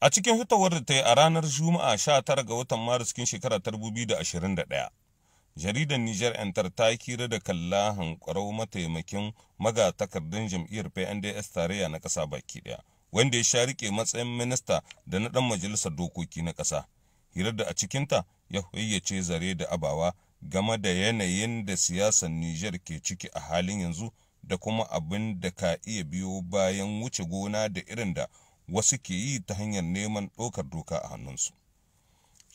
A cikin fitowar da ta yi a ranar Juma'a 19 ga watan Maris kin shekara ta 2021, jaridar Niger Enter ta kira da kalla hankarau mataimakin magatakardun jam'iyyar PNDS tarayya na ƙasa baki ɗaya, wanda ya sha rike matsayin minista da na ɗan majalisar dokoki na ƙasa. Hirar da a cikinta ya hoyyace zare da abawa game da yanayin da siyasar Niger ke ciki a halin yanzu da kuma abin da ka iya biyo bayan wuce gona da irin da wasu ke yi ta hanyar neman ɗaukar doka a hannunsu.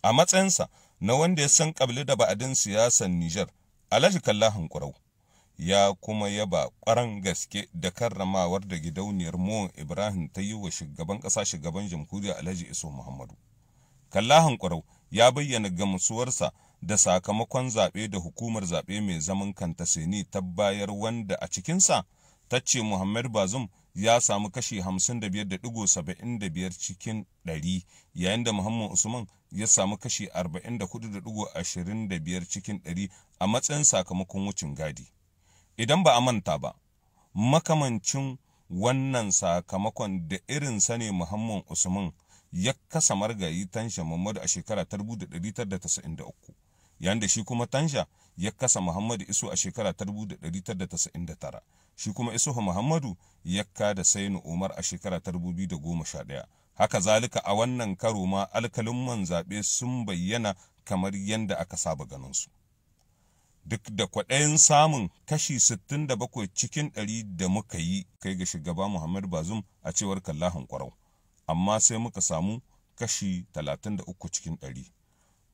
A matsayinsa na wanda ya san ƙabilu da ba'adin siyasar Nijar, Alhaji Kalla Hankurau ya kuma yaba ƙwaran gaske da karramawar da gidauniyar Mo Ibrahim ta yi wa shugaban ƙasa shugaban jamhuriya Alhaji Iso Muhammadu. Kalla Hankurau ya bayyana gamsuwarsa da sakamakon zaɓe da hukumar zaɓe mai zaman kanta Seni ta bayar wanda a cikinsa ta ce Muhammad Bazum ya samu kashi 55.75 cikin 100 yayin da muhammad usman ya samu kashi 44.25 cikin 100 a matsayin sakamakon wucin gadi idan ba a manta ba makamancin wannan sakamakon da irin sane muhammad usman ya kasa margayi tansha muhammadu a shekara 1993 yayin da shi kuma tansha ya kasa muhammadu isu a shekara 1999 shi kuma isuhu muhammadu ya kada sainu umar a shekara ta ɗaya? haka zalika a wannan karo ma alkalin man zaɓe sun bayyana kamar yadda aka saba ganinsu duk da kwaɗayin samun kashi bakwai cikin 100 da muka yi kai ga shugaba muhammad bazum a cewar kallahan kwarau amma sai muka samu kashi 33 cikin 100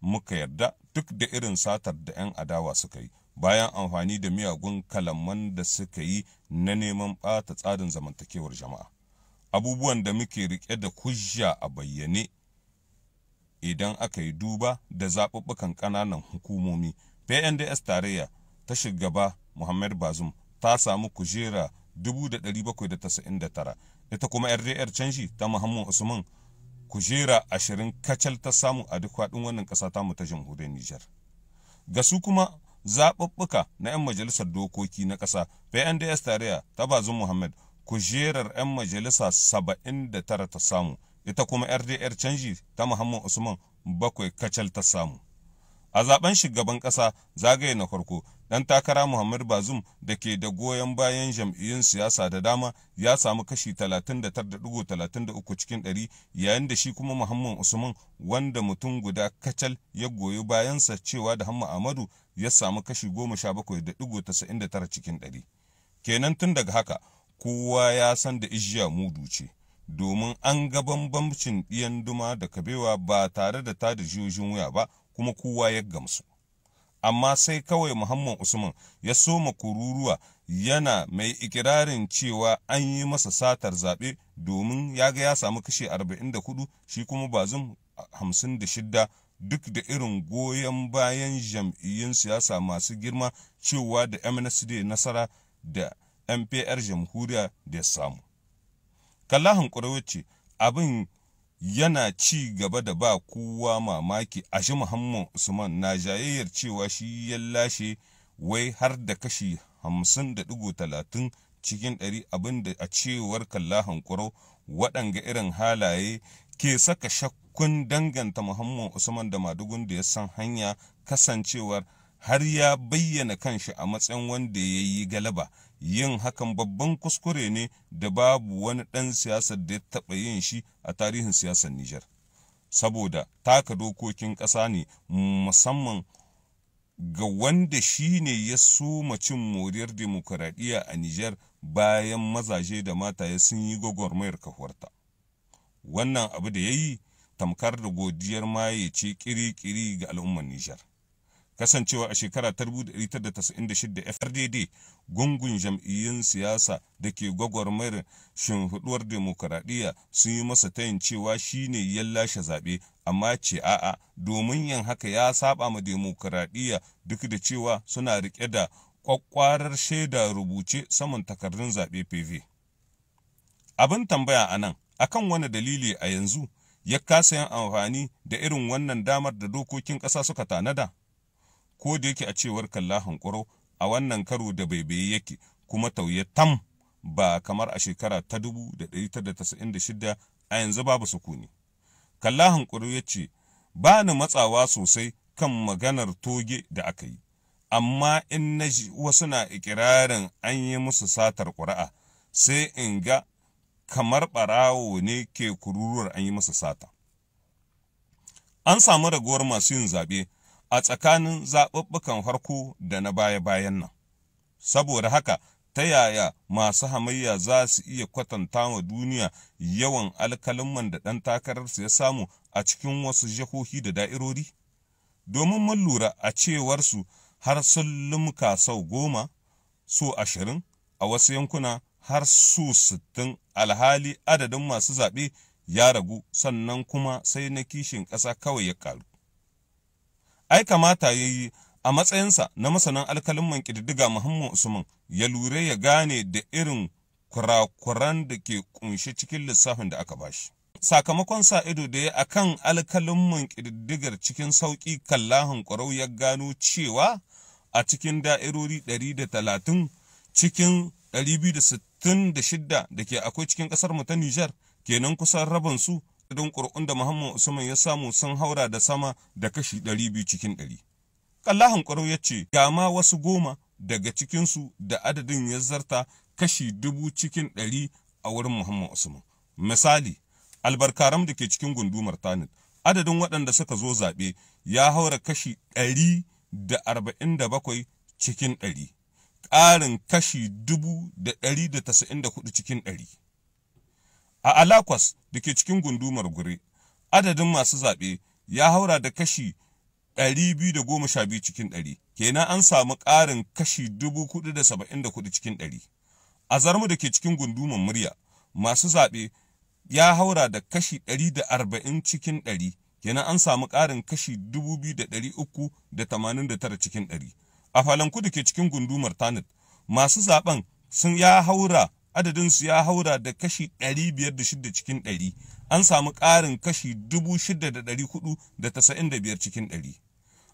muka yarda duk da irin satar da 'yan adawa suka yi bayan amfani da miyagun kalaman da suka yi na neman ɓata tsarin zamantakewar jama'a abubuwan da muke riƙe da kujya a bayyane idan aka yi duba da zaɓuɓɓukan ƙananan hukumomi pnds tarayya ta shugaba muhammad bazum ta samu kujera 799 ita kuma rdr canji ta muhammad usman kujera 20 kacal ta samu a duk faɗin wannan ƙasa mu ta jamhuriyar nijar ga su kuma zaɓuɓɓuka na 'yan majalisar dokoki na ƙasa pnds tarayya ta bazin muhammad kujerar 'yan majalisa 79 ta samu ita kuma rdr canji ta muhammad usman bakwai kacal ta samu a zaben shugaban ƙasa zagaye na farko dan takara muhammad bazum da ke da goyon bayan jam'iyyun siyasa da dama ya samu kashi 39.33 cikin 100 yayin da shi kuma muhammad usman wanda mutum guda kacal ya goyi bayansa cewa da hamma amadu ya samu kashi 17.99 cikin 100 kenan tun daga haka kowa ya san da ijiya mudu ce domin an ga bambamcin ɗiyan duma da kabewa ba tare da tada jiyojin wuya ba kuma kowa ya gamsu amma sai kawai Muhammad Usman ya soma kururuwa yana mai ikirarin cewa an yi masa satar zaɓe domin ya ga ya samu kashe 44 shi kuma bazum 56 duk da irin goyon bayan jam'iyyun siyasa masu girma cewa da MNSD nasara da MPR jamhuriya da samu. Kallahan hankurawar ce abin yana ci gaba da ba kowa mamaki a shi muhammad usman na jayayyar cewa shi ya lashe wai har da kashi 50.30 cikin ɗari abinda a cewar kalla hankurau waɗanga irin halaye ke saka shakkun danganta muhammad usman da madugun da ya san hanya kasancewar har ya bayyana kanshi a matsayin wanda ya yi galaba yin hakan babban kuskure ne da babu wani ɗan siyasar da ya taɓa yin shi a tarihin siyasar Nijar. Saboda taka dokokin ƙasa ne musamman ga wanda shi ne ya suma cin moriyar demokuraɗiyya a Nijar bayan mazaje da mataye sun yi gwagwarmayar kahuwarta. Wannan abu da ya yi tamkar da godiyar maye ce ƙiri ƙiri ga al'ummar Nijar. kasancewa a shekara ta 1996 FRDD gungun jam'iyyun siyasa da ke gwagwarmayar shimfiɗuwar demokuraɗiyya sun yi masa tayin cewa shi ne ya lashe zaɓe amma ce a'a domin yin haka ya saba ma demokuraɗiyya duk da cewa suna riƙe da kwakwarar shaida rubuce saman takardun zaɓe PV. Abin tambaya a nan, akan wani dalili a yanzu ya kasa yin amfani da irin wannan damar da dokokin ƙasa suka tanada? ko da yake a cewar kalla hankoro a wannan karo da baibaye yake kuma tauye tam ba kamar a shekara ta 1996 a yanzu babu sukuni kalla hankoro ya ce ba ni matsawa sosai kan maganar toge da aka yi amma in na ji wasu na ikirarin an yi musu satar ƙuri'a sai in ga kamar ɓarawo ne ke kururuwar an yi musu sata an samu ragowar masu yin zaɓe a tsakanin zaɓuɓɓukan farko da na baya-bayan nan. Saboda haka, ta yaya masu hamayya za su iya kwatanta wa duniya yawan alkalinman da ɗan takararsu ya samu a cikin wasu jihohi da da'irori? Domin mun lura a cewarsu har sun lumka sau goma, so ashirin, a wasu yankuna har su sittin alhali adadin masu zaɓe ya ragu sannan kuma sai na kishin ƙasa kawai ya ƙaru. ai kamata ya yi a matsayinsa na masanan alkalin ƙididdiga muhammad usman ya lura ya gane da irin kurakuran da ke kunshi cikin lissafin da aka bashi sakamakon sa ido da ya akan alkalin ƙididdigar cikin sauƙi kallahan ƙwarau ya gano cewa a cikin da'irori 130 cikin 266 da ke akwai cikin ƙasar mu ta Nijar kenan kusan rabin su adadin ƙuri'un da Muhammad Usman ya samu sun haura da sama da kashi ɗari biyu cikin ɗari. Kallahan ƙwarau ya ce, ga ma wasu goma daga cikinsu da adadin ya zarta kashi dubu cikin ɗari a wurin Muhammad Usman. Misali, albarkaram da ke cikin gundumar Tanit, adadin waɗanda suka zo zaɓe ya haura kashi ɗari da arba'in da bakwai cikin ɗari, ƙarin kashi dubu da ɗari da tasa'in da hudu cikin ɗari. A Alakwas da ke cikin gundumar gure, adadin masu zaɓe ya haura da kashi 212 cikin 100, kenan an samu ƙarin kashi 474 cikin 100. A zarmu da ke cikin gundumar murya, masu zaɓe ya haura da kashi 140 cikin 100, kenan an samu ƙarin kashi 2,389 cikin 100. A falanku da ke cikin gundumar Tanit, masu zaɓen sun ya haura adadin su ya haura da kashi 506 cikin 100 an samu ƙarin kashi 6,495 cikin 100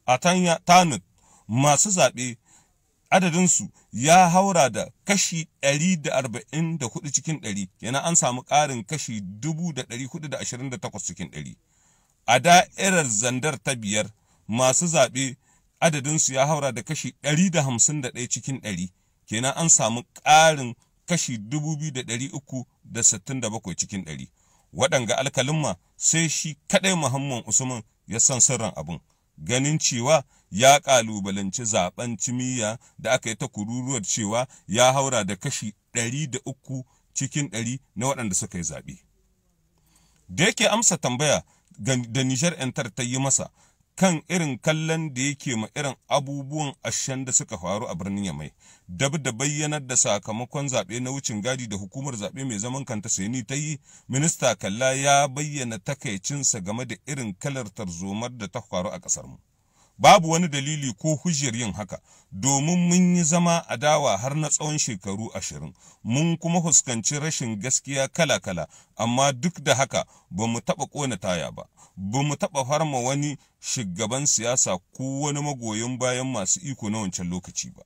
a tanut masu zaɓe adadin su ya haura da kashi 144 cikin 100 yana an samu ƙarin kashi 428 cikin 100 a da'irar zandar ta biyar masu zaɓe adadin su ya haura da kashi 151 cikin 100 kenan an samu ƙarin kashi 2,367 cikin 100 waɗanga alkalinma sai shi kaɗai muhammad usman ya san sirrin abin ganin cewa ya ƙalubalanci zaben cimiyya da aka yi ta kururuwar cewa ya haura da kashi 300 cikin 100 na waɗanda suka yi zaɓe da yake amsa tambaya da nijar 'yantar ta yi masa kan irin kallon da yake ma irin abubuwan ashen da suka faru a birnin Yamai. Dab da bayyanar da sakamakon zaɓe na wucin gadi da hukumar zaɓe mai zaman kanta Seni ta yi, Minista Kalla ya bayyana takaicinsa game da irin kalar tarzomar da ta faru a ƙasarmu. mu. babu wani dalili ko hujjar yin haka domin mun yi zama adawa har na tsawon shekaru ashirin mun kuma fuskanci rashin gaskiya kala-kala amma duk da haka ba mu taɓa ƙona taya ba ba mu taɓa farma wani shugaban siyasa ko wani magoyin bayan masu iko na wancan lokaci ba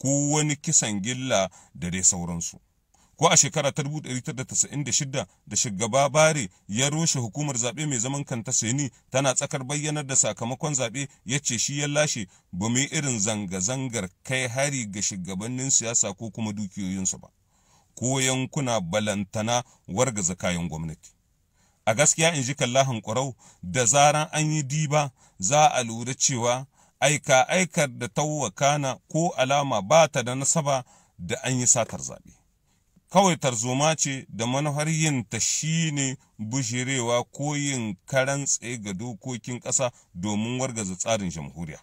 ko wani kisan gilla da dai sauransu ko a shekara ta 1996 da shugaba bare ya roshe hukumar zaɓe mai zaman kanta seni tana tsakar bayyanar da sakamakon zaɓe ya ce shi ya lashe ba mai irin zanga-zangar kai hari ga shugabannin siyasa ko kuma dukiyoyinsu ba ko yankuna balantana wargaza kayan gwamnati a gaskiya in ji kallahan ƙwarau da zaran an yi diba za a lura cewa aika aikar da tawwakana ko alama ba ta da nasaba da an yi satar zaɓe kawai tarzoma ce da manufar yinta shi ne bushirewa ko yin karan tsaye ga dokokin ƙasa domin wargaza tsarin jamhuriya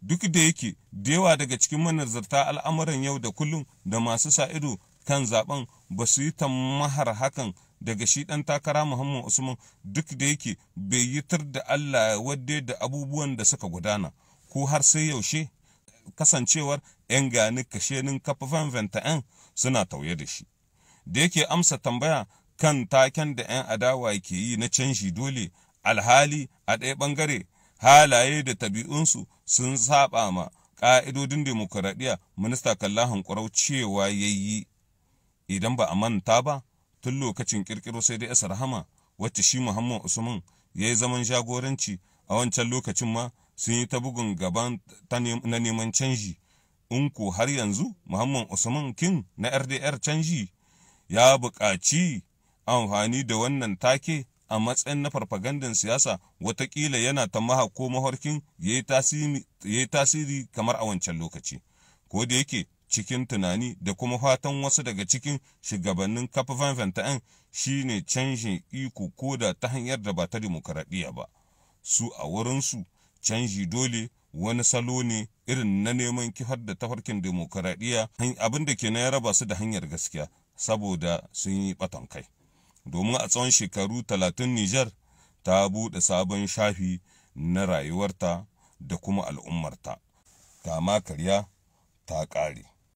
duk da yake da yawa daga cikin manazarta al'amuran yau da kullum da masu sa ido kan zaben ba su yi tamahar hakan daga shi ɗan takara muhammad usman duk da yake bai yitar da allah wadde da abubuwan da suka gudana ko har sai yaushe kasancewar 'yan gani kashenin kafafen 'yan suna tauye da shi da yake amsa tambaya kan taken da 'yan adawa ke yi na canji dole alhali a ɗaya ɓangare halaye da tabi'unsu sun saba ma ƙa'idodin demokuraɗiyya minista kallahan ƙwarau cewa ya yi idan ba a manta ba tun lokacin ƙirƙiro sai da asar hama wacce shi muhammad usman ya yi zaman jagoranci a wancan lokacin ma sun yi ta bugun gaban na neman canji in ko har yanzu muhammad usman kin na rdr canji ya buƙaci amfani da wannan take a matsayin na farfagandan siyasa watakila yana ta maha ko mahorkin ya yi tasiri kamar a wancan lokaci ko da yake cikin tunani da kuma fatan wasu daga cikin shugabannin kafafen fanta'an shi ne canjin iko ko da ta hanyar da ba ta demokaraɗiyya ba su a wurinsu canji dole wani salo ne irin na neman kifar da tafarkin demokaradiyya abin da ke na ya raba su da hanyar gaskiya saboda sun yi ɓatan kai domin a tsawon shekaru talatin nijar ta buɗe sabon shafi na rayuwarta da kuma al'ummarta kama karya ta ƙare